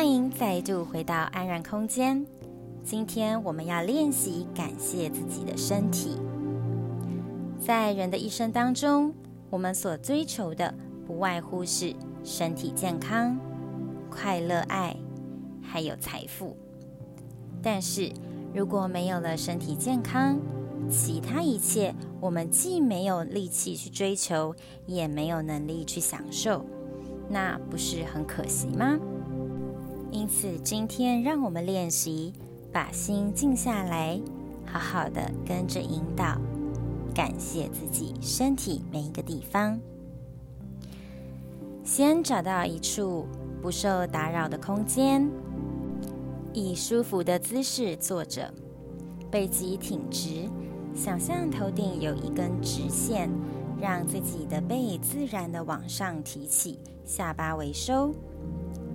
歡迎再度回到安然空間。今天我們要練習感謝自己的身體。在人的一生當中，我們所追求的不外乎是身體健康、快樂、愛，還有財富。但是如果沒有了身體健康，其他一切我們既沒有力氣去追求，也沒有能力去享受，那不是很可惜嗎？因此，今天讓我們練習把心靜下來，好好的跟着引導，感謝自己身體每一個地方。先找到一處不受打擾的空間，以舒服的姿勢坐着，背脊挺直，想象頭頂有一根直線，讓自己的背自然的往上提起，下巴微收。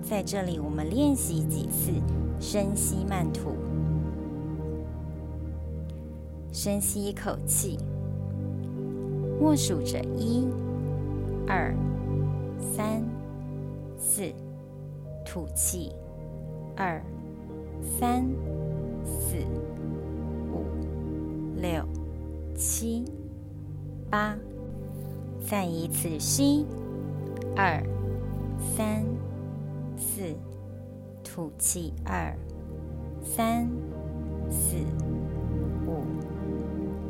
在這裡，我們練習幾次深吸慢吐。深吸一口氣，默數着一、二、三、四，吐氣二、三、四、五、六、七、八，再一次吸二、三。四，吐氣二，三，四，五，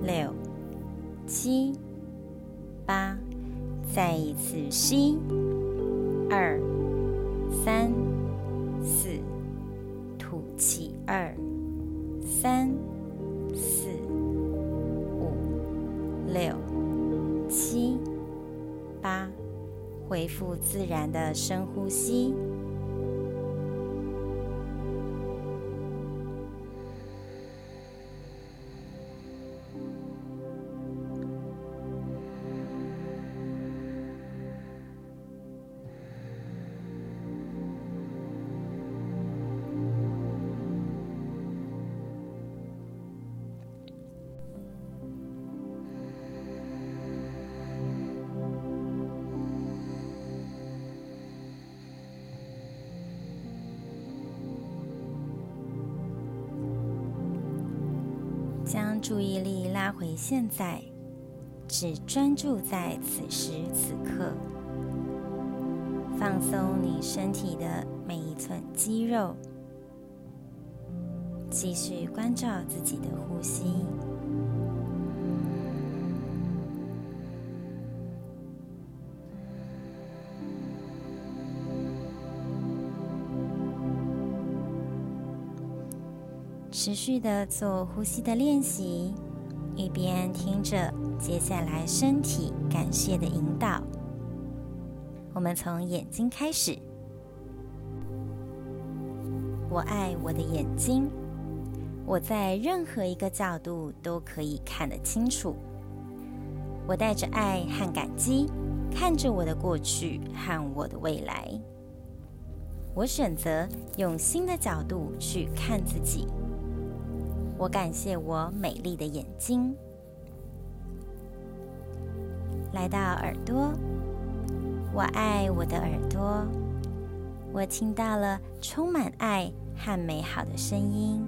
六，七，八，再一次吸，二，三，四，吐氣二，三，四，五，六，七，八，恢復自然的深呼吸。注意力拉回現在，只專注在此時此刻，放鬆你身體的每一寸肌肉，繼續關照自己的呼吸。持續的做呼吸的練習，一邊聽着接下來身體感謝的引導。我們從眼睛開始。我愛我的眼睛，我在任何一個角度都可以看得清楚。我帶着愛和感激看着我的過去和我的未來。我選擇用新的角度去看自己。我感謝我美麗的眼睛，來到耳朵。我愛我的耳朵，我聽到了充滿愛和美好的聲音。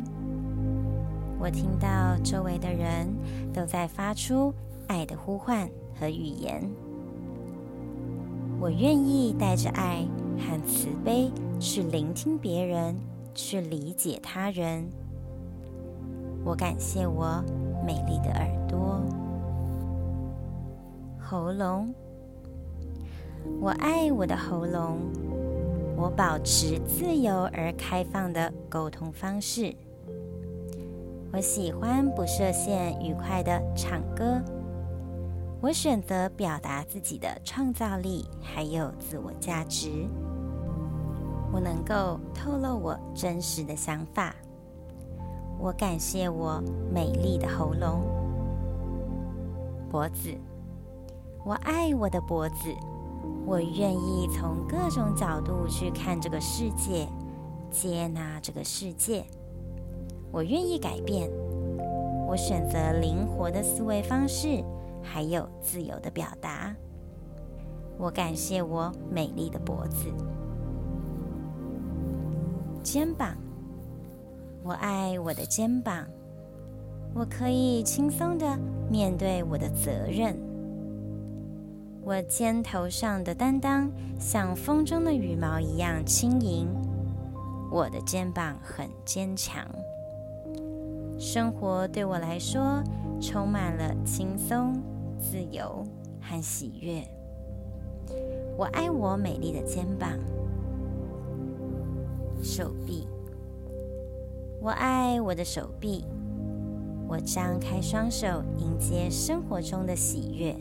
我聽到周圍的人都在發出愛的呼喚和語言。我願意帶着愛和慈悲去聆聽別人，去理解他人。我感謝我美麗的耳朵、喉嚨。我愛我的喉嚨。我保持自由而開放的溝通方式。我喜歡不設限、愉快的唱歌。我選擇表達自己的創造力，還有自我價值。我能夠透露我真實的想法。我感謝我美麗的喉嚨、脖子。我愛我的脖子，我願意從各種角度去看這個世界，接納這個世界。我願意改變，我選擇靈活的思維方式，還有自由的表達。我感謝我美麗的脖子、肩膀。我愛我的肩膀，我可以輕鬆地面對我的責任。我肩頭上的擔當像風中的羽毛一樣輕盈，我的肩膀很堅強。生活對我來說充滿了輕鬆、自由和喜悅。我愛我美麗的肩膀，手臂。我愛我的手臂，我張開雙手迎接生活中的喜悅。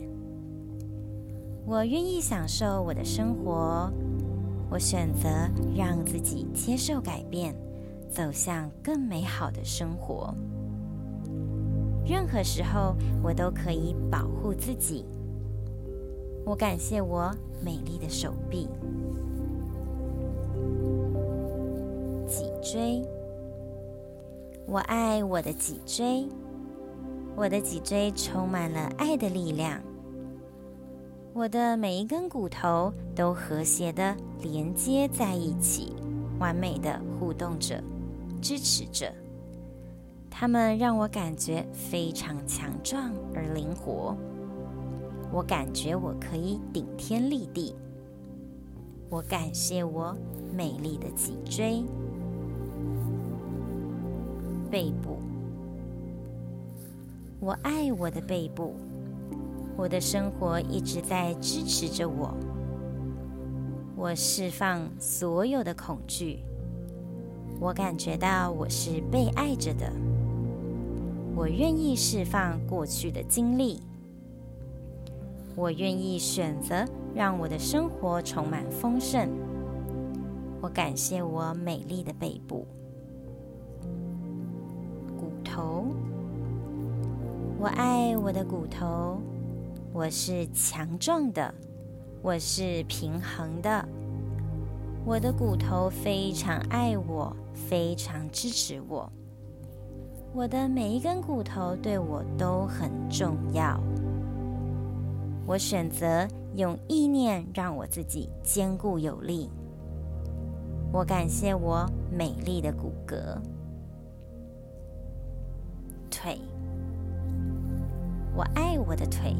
我願意享受我的生活，我選擇讓自己接受改變，走向更美好的生活。任何時候，我都可以保護自己。我感謝我美麗的手臂、脊椎。我愛我的脊椎，我的脊椎充滿了愛的力量。我的每一根骨頭都和諧的連接在一起，完美的互動着，支持着。它們讓我感覺非常強壯而靈活。我感覺我可以頂天立地。我感謝我美麗的脊椎。背部，我愛我的背部，我的生活一直在支持着我。我釋放所有的恐懼，我感覺到我是被愛着的。我願意釋放過去的經歷，我願意選擇讓我的生活充滿豐盛。我感謝我美麗的背部。頭，我愛我的骨頭，我是強壯的，我是平衡的。我的骨頭非常愛我，非常支持我。我的每一根骨頭對我都很重要。我選擇用意念讓我自己堅固有力。我感謝我美麗的骨骼。腿，我愛我的腿。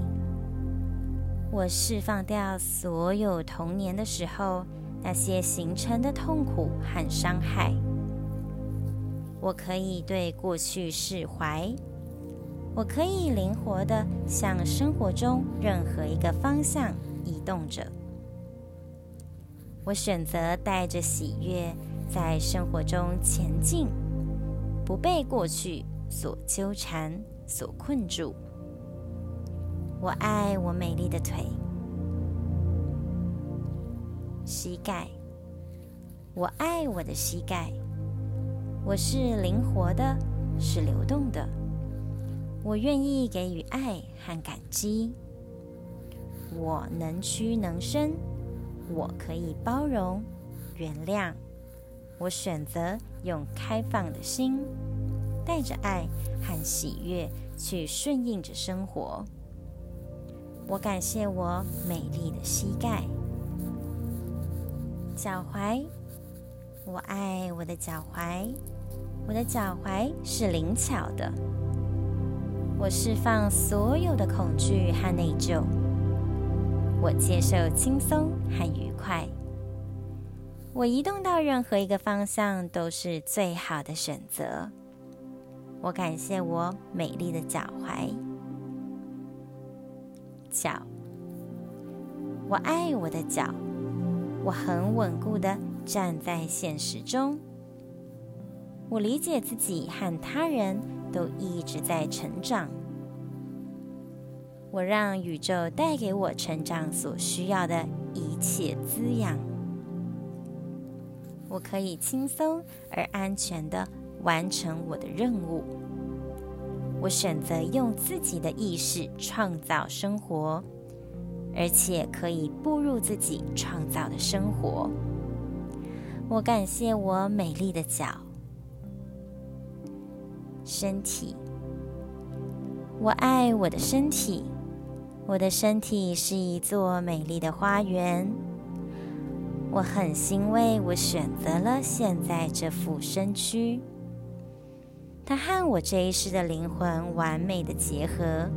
我釋放掉所有童年的時候那些形成的痛苦和傷害。我可以對過去釋懷，我可以靈活地向生活中任何一個方向移動着。我選擇帶着喜悅在生活中前進，不被過去所糾纏，所困住。我愛我美麗的腿、膝蓋。我愛我的膝蓋。我是靈活的，是流動的。我願意給予愛和感激。我能屈能伸，我可以包容、原諒。我選擇用開放的心。帶着愛和喜悅去順應着生活。我感謝我美麗的膝蓋、腳踝。我愛我的腳踝，我的腳踝是靈巧的。我釋放所有的恐懼和內疚。我接受輕鬆和愉快。我移動到任何一個方向都是最好的選擇。我感謝我美麗的腳踝，腳。我愛我的腳，我很穩固的站在現實中。我理解自己和他人都一直在成長。我讓宇宙帶給我成長所需要的一切滋養。我可以輕鬆而安全的。完成我的任務，我選擇用自己的意識創造生活，而且可以步入自己創造的生活。我感謝我美麗的腳、身體。我愛我的身體，我的身體是一座美麗的花園。我很欣慰，我選擇了現在這副身軀。它和我這一世的靈魂完美的結合，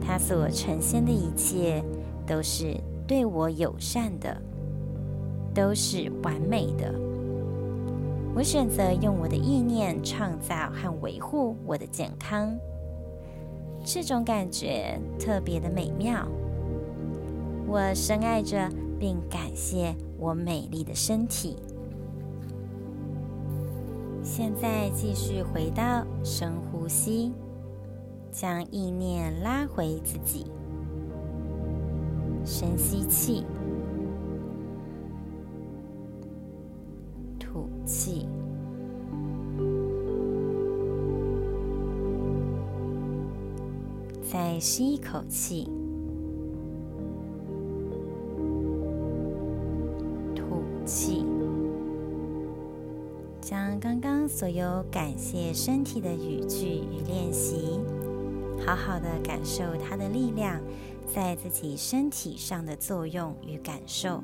它所呈現的一切都是對我友善的，都是完美的。我選擇用我的意念創造和維護我的健康，這種感覺特別的美妙。我深愛着並感謝我美麗的身體。現在繼續回到深呼吸，將意念拉回自己。深吸氣，吐氣，再吸一口氣。所有感謝身體的語句與練習，好好的感受它的力量在自己身體上的作用與感受。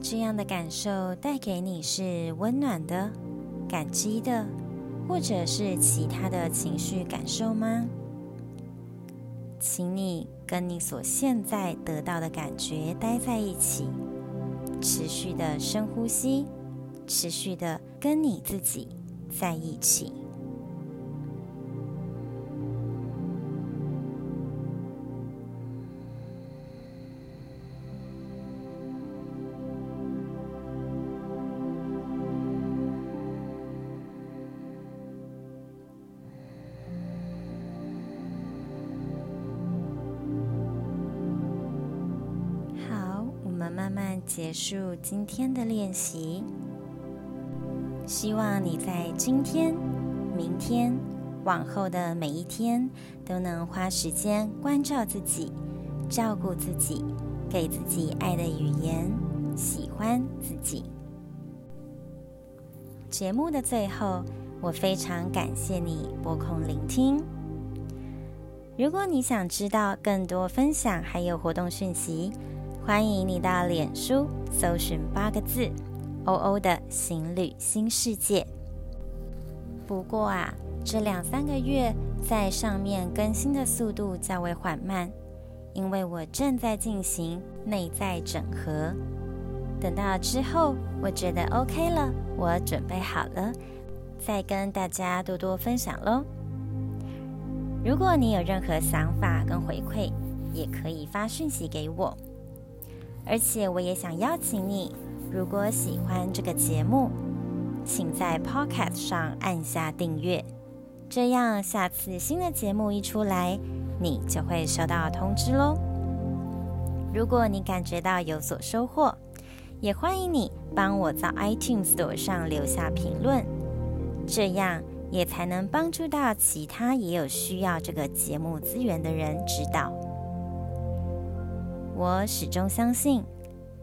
這樣的感受帶給你是溫暖的、感激的，或者是其他的情緒感受嗎？請你跟你所現在得到的感覺待在一起。持續的深呼吸，持續的跟你自己在一起。結束今天的練習，希望你在今天、明天、往後的每一天，都能花時間關照自己、照顧自己，給自己愛的語言，喜歡自己。節目的最後，我非常感謝你撥空聆聽。如果你想知道更多分享，還有活動訊息。歡迎你到臉書搜尋八個字“歐歐的行旅新世界”。不過啊，這兩三個月在上面更新的速度較為緩慢，因為我正在進行內在整合。等到之後我覺得 OK 了，我準備好了，再跟大家多多分享咯。如果你有任何想法跟回饋，也可以發訊息給我。而且我也想邀請你，如果喜歡這個節目，請在 Podcast 上按下訂閱，這樣下次新的節目一出來，你就會收到通知嘍。如果你感覺到有所收穫，也歡迎你幫我在 iTunes Store 上留下評論，這樣也才能幫助到其他也有需要這個節目資源的人知道。我始終相信，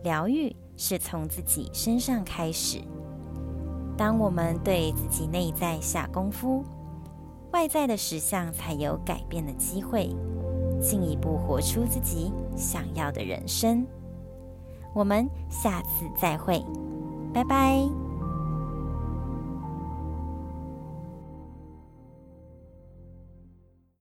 療癒是從自己身上開始。當我們對自己內在下功夫，外在的實相才有改變的機會，進一步活出自己想要的人生。我們下次再會，拜拜。